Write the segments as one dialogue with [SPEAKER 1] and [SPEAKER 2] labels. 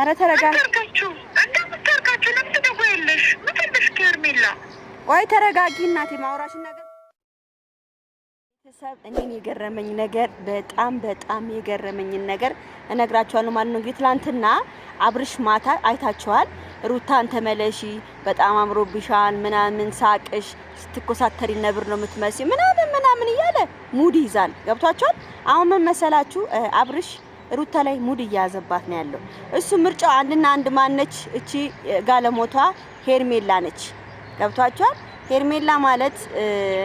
[SPEAKER 1] አረ ተረጋጋ። እንደምታርጋችሁ ለምን ትደውያለሽ? ምን ፈልገሽ ከርሜላ
[SPEAKER 2] ወይ ተረጋጊ እናቴ። ማውራሽ ነገር ቤተሰብ እኔን የገረመኝ ነገር በጣም በጣም የገረመኝን ነገር እነግራችኋለሁ ማለት ነው። እንግዲህ ትናንትና አብርሽ ማታ አይታችኋል። ሩታን ተመለሺ፣ በጣም አምሮብሻል፣ ምናምን ሳቅሽ፣ ስትኮሳተሪ ነብር ነው የምትመስይ ምናምን ምናምን እያለ ሙድ ይዛል። ገብቷችኋል? አሁን ምን መሰላችሁ አብርሽ ሩታ ላይ ሙድ እያያዘባት ነው ያለው። እሱ ምርጫው አንድና አንድ ማነች? እቺ ጋለሞቷ ሄርሜላ ነች። ገብቷቸዋል። ሄርሜላ ማለት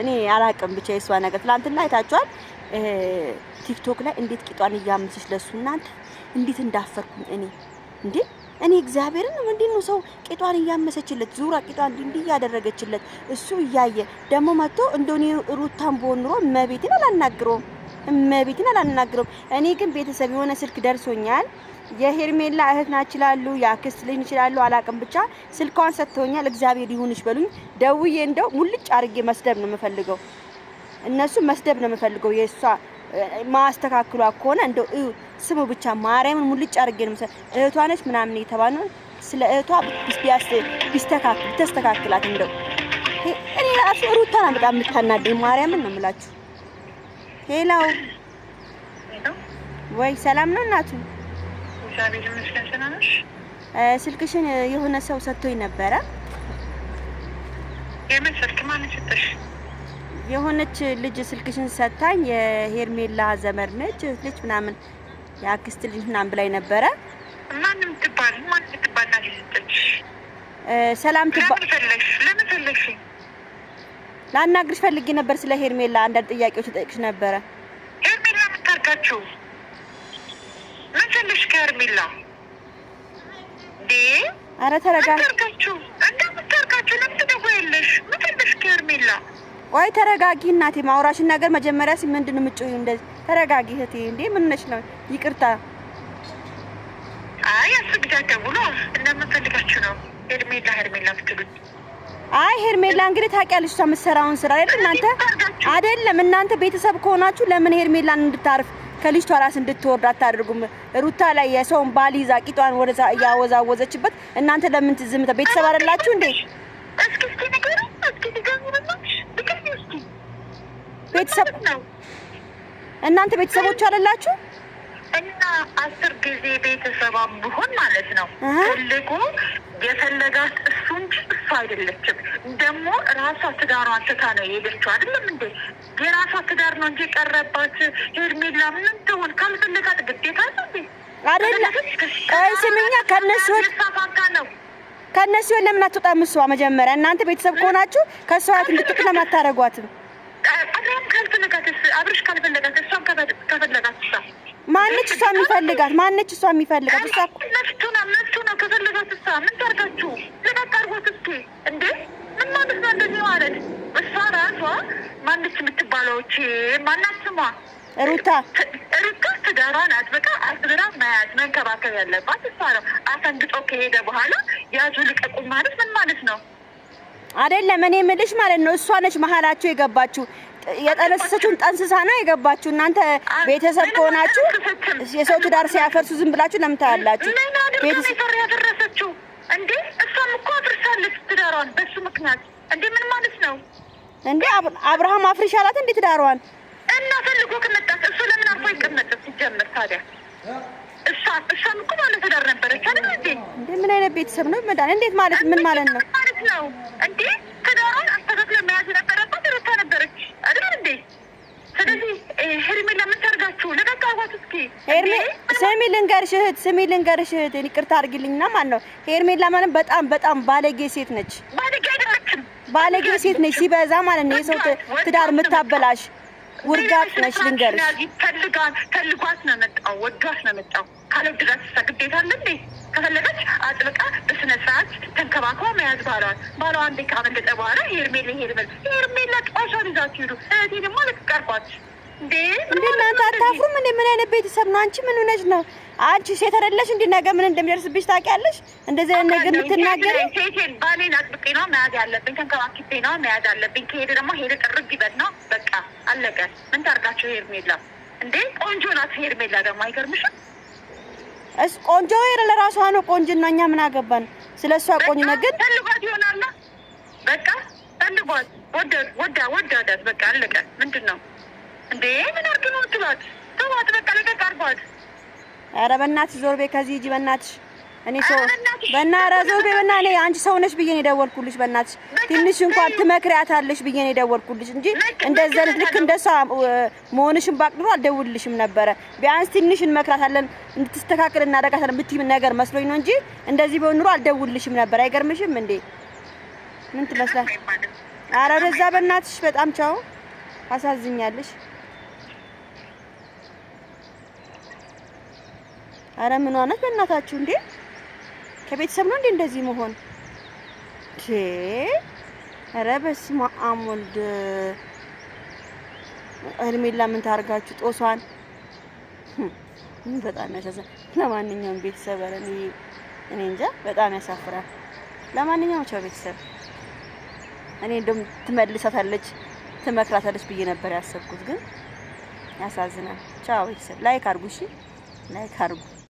[SPEAKER 2] እኔ አላቅም፣ ብቻ የሷ ነገር ትላንትና አይታችኋል። ቲክቶክ ላይ እንዴት ቂጧን እያመሰች ለሱ እናንተ እንዴት እንዳፈርኩኝ እኔ እንዴ እኔ እግዚአብሔርን ምንድን ነው ሰው ቂጧን እያመሰችለት ዙራ ቂጧን እንዲህ እያደረገችለት እሱ እያየ ደግሞ መጥቶ እንደኔ ሩታን በሆን ኑሮ መቤትን አላናግረውም። እመቤትን አላናግረውም። እኔ ግን ቤተሰብ የሆነ ስልክ ደርሶኛል። የሄርሜላ እህት ናት ይችላሉ፣ የአክስት ልጅ ይችላሉ፣ አላቅም። ብቻ ስልኳን ሰጥቶኛል። እግዚአብሔር ይሁንሽ በሉኝ። ደውዬ እንደው ሙልጭ አድርጌ መስደብ ነው የምፈልገው። እነሱ መስደብ ነው የምፈልገው። የእሷ ማስተካክሏ ከሆነ እንደው ስሙ ብቻ ማርያምን ሙልጭ አድርጌ ነው መስደብ። እህቷ ነች ምናምን እየተባለ ስለ እህቷ ቢስተካክል ተስተካክላት እንደው እኔ ራሱ ሩታና በጣም የምታናደኝ ማርያምን ነው የምላችሁ። ሄላው ወይ ሰላም ነው እናቱ? ስልክሽን የሆነ ሰው ሰጥቶኝ ነበረ።
[SPEAKER 1] የምን ስልክ? ማን ሰጠሽ?
[SPEAKER 2] የሆነች ልጅ ስልክሽን ሰታኝ፣ የሄርሜላ ዘመድ ነች ልጅ ምናምን የአክስት ልጅ ምናምን ብላኝ ነበረ።
[SPEAKER 1] ማንም ትባል ማን ትባል ናት የሰጠች? ሰላም ትባል። ለምን ፈለግሽ?
[SPEAKER 2] ላናግርሽ ፈልጌ ነበር። ስለ ሄርሜላ አንዳንድ ጥያቄዎች ጠይቅሽ ነበረ።
[SPEAKER 1] ሄርሜላ የምታርጋችሁ ምን ፈልግሽ ከሄርሜላ? አረ ተረጋ ታርጋችሁ እንደምታርጋችሁ ለምትደውያለሽ ምን ፈልግሽ ከሄርሜላ?
[SPEAKER 2] ወይ ተረጋጊ እናቴ፣ ማውራሽን ነገር መጀመሪያ ሲ ምንድን ነው የምትጮይው? እንደዚህ ተረጋጊ እህቴ። እንዴ ምን ነሽ ነው? ይቅርታ።
[SPEAKER 1] አይ አስግጃ ደውሎ እንደምፈልጋችሁ ነው ሄርሜላ ሄርሜላ ብትሉኝ
[SPEAKER 2] አይ ሄርሜላ እንግዲህ ታውቂያለሽ፣ እሷ የምትሰራውን ስራ አይደል እናንተ አይደለም እናንተ ቤተሰብ ከሆናችሁ ለምን ሄርሜላን እንድታርፍ ከልጅቷ ራስ እንድትወርድ አታደርጉም? ሩታ ላይ የሰውን ባል ይዛ ቂጧን ወደዛ እያወዛወዘችበት እናንተ ለምን ትዝምታ? ቤተሰብ አይደላችሁ እንዴ? ቤተሰብ እናንተ ቤተሰቦች አይደላችሁ
[SPEAKER 1] እና አስር ጊዜ ቤተሰባም ብሆን ማለት ነው ትልቁ የፈለጋት እሷ አይደለችም። ደግሞ ራሷ ትዳሯን ትታ ነው የሄደችው። አይደለም እንዴ የራሷ ትዳር ነው እንጂ የቀረባት ሄርሜላ ምን ትሆን ካልፈለጋት ግዴታ ነው እንዴ
[SPEAKER 2] አይደለም። ስምኛ ከነሱ
[SPEAKER 1] ከነሱ
[SPEAKER 2] ከእነሱ ህይወት ለምን አትወጣም? እሷ መጀመሪያ እናንተ ቤተሰብ ከሆናችሁ ከእሷ ህይወት እንድትወጣ ለምን አታደርጓትም?
[SPEAKER 1] ካልፈለጋት እሷም ከፈለጋት እሷ
[SPEAKER 2] ማነች? እሷ የሚፈልጋት ማነች? እሷ የሚፈልጋት እሷ
[SPEAKER 1] መብቱ ነው። ከፈለጋት እሷ ምን ታርጋችሁ? የሚባለውች ማናት ስሟ ሩታ ሩታ ናት። በቃ አስብራ መያዝ መንከባከብ ያለባት እሷ ነው። አፈንግጦ ከሄደ በኋላ ያዙ ልቀቁ ማለት ምን ማለት ነው?
[SPEAKER 2] አይደለም እኔ ምልሽ ማለት ነው። እሷ ነች መሀላችሁ የገባችሁ የጠነሰሰችውን ጠንስሳ ነው የገባችሁ። እናንተ ቤተሰብ ከሆናችሁ የሰው ትዳር ሲያፈርሱ ዝም ብላችሁ ለምታያላችሁ?
[SPEAKER 1] ቤተሰብ ያደረሰችው እንዴ? እሷም እኮ አፍርሳለች ትዳሯን በሱ ምክንያት እንዴ። ምን ማለት ነው?
[SPEAKER 2] እንዴ አብርሃም አፍሪሽ አላት እንዴ ትዳሯን
[SPEAKER 1] እና ፈልጎ ከመጣስ እሱ ለምን አርፎ ይቀመጥ ሲጀምር ታዲያ እሷ እሷም እኮ ባለ ትዳር ነበረች አይደል እንዴ
[SPEAKER 2] ምን አይነት ቤተሰብ ነው መዳን እንዴት ማለት ምን ማለት ነው
[SPEAKER 1] ማለት ነው እንዴ ትዳሯን አስተካክለ መያዝ ነበረባት ሩታ ነበረች አይደል እንዴ ስለዚህ ሄርሜላ ምን ታርጋችሁ ለቀቅ እስኪ።
[SPEAKER 2] እስኪ ስሚ ልንገርሽ እህት ስሚ ልንገርሽ እህት ይቅርታ አድርጊልኝና ማለት ነው ሄርሜላ ማለት በጣም በጣም ባለጌ ሴት ነች ባለጌ ባለጌ ሴት ነች ሲበዛ ማለት ነው። የሰው ትዳር የምታበላሽ ውርጋት ነች። ልንገርሽ
[SPEAKER 1] ፈልጋን ፈልጓት ነው መጣው ወዷት ነው መጣው ካለው ድረስ ግዴታ አለ እንዴ? ከፈለገች አጥብቃ በስነ ስርዓት ተንከባክባ መያዝ ባሏል። ባሏ አንዴ ካመለጠ በኋላ ሄርሜላ ሄርሜላ ሄርሜላ ጧሿን ይዛት ሄዱ። እህቴ ደግሞ ልትቀርቧት እንዴ
[SPEAKER 2] እናንተ አታፍሩም? እንደ ምን አይነት ቤተሰብ ነው? አንቺ ምን ሆነሽ ነው? አንቺ ሴት አይደለሽ? እንደ ነገ ምን እንደሚደርስብሽ ታውቂያለሽ? እንደዚህ አይነት ነገር የምትናገሪ
[SPEAKER 1] ሴት ባሌን አጥብቄ ነው መያዝ ያለብኝ፣ ተንከባክቤ ነው መያዝ ያለብኝ። ከሄደ ደግሞ ሄደ ጥርግ ይበል ነው በቃ አለቀ። ምን ታርጋቸው? ሄርሜላ እንዴ ቆንጆ ናት። ሄርሜላ ደግሞ አይገርምሽም?
[SPEAKER 2] እስ ቆንጆ ሄረ ለራሷ ነው ቆንጅና፣ እኛ ምን አገባን ስለ እሷ ቆንጅና። ግን
[SPEAKER 1] ፈልጓት ይሆናላ በቃ ፈልጓት፣ ወዳ ወዳ ወዳዳት በቃ አለቀ። ምንድን ነው እንዴ ምን አድርግ ነው ትላት? ተዋት፣ በቃ ለቀቅ
[SPEAKER 2] ኧረ በእናትሽ ዞር በይ ከዚህ ሂጂ በእናትሽ። እኔ ሰው በእና በይ በእና። እኔ አንቺ ሰው ነሽ ብዬ ነው የደወልኩልሽ። በእናትሽ ትንሽ እንኳን ትመክሪያታለሽ ብዬ ነው የደወልኩልሽ እንጂ እንደዛ ልክ እንደሷ መሆንሽን ባቅድሮ አልደውልልሽም ነበረ። ቢያንስ ትንሽ እንመክራታለን እንድትስተካከል እናደርጋታለን ብትይ ነገር መስሎኝ ነው እንጂ እንደዚህ ቢሆን ኑሮ አልደውልልሽም ነበር። አይገርምሽም እንዴ? ምን ትመስላል? አረ ወደዛ በእናትሽ። በጣም ቻው፣ አሳዝኛለሽ። አረ ምን ናት በእናታችሁ እንዴ! ከቤተሰብ ነው እንዴ እንደዚህ መሆን? አረ በስመ አብ ወልድ። እድሜላ ምን ታርጋችሁ ጦሷን። በጣም ያሳዝናል። ለማንኛውም ቤተሰብ አረ እኔ እንጃ በጣም ያሳፍራል። ለማንኛውም ቻው ቤተሰብ። እኔ እንደውም ትመልሳታለች ትመክራታለች ብዬ ነበር ያሰብኩት፣ ግን ያሳዝናል። ቻው ቤተሰብ። ላይክ አድርጉ፣ እሺ ላይክ አድርጉ።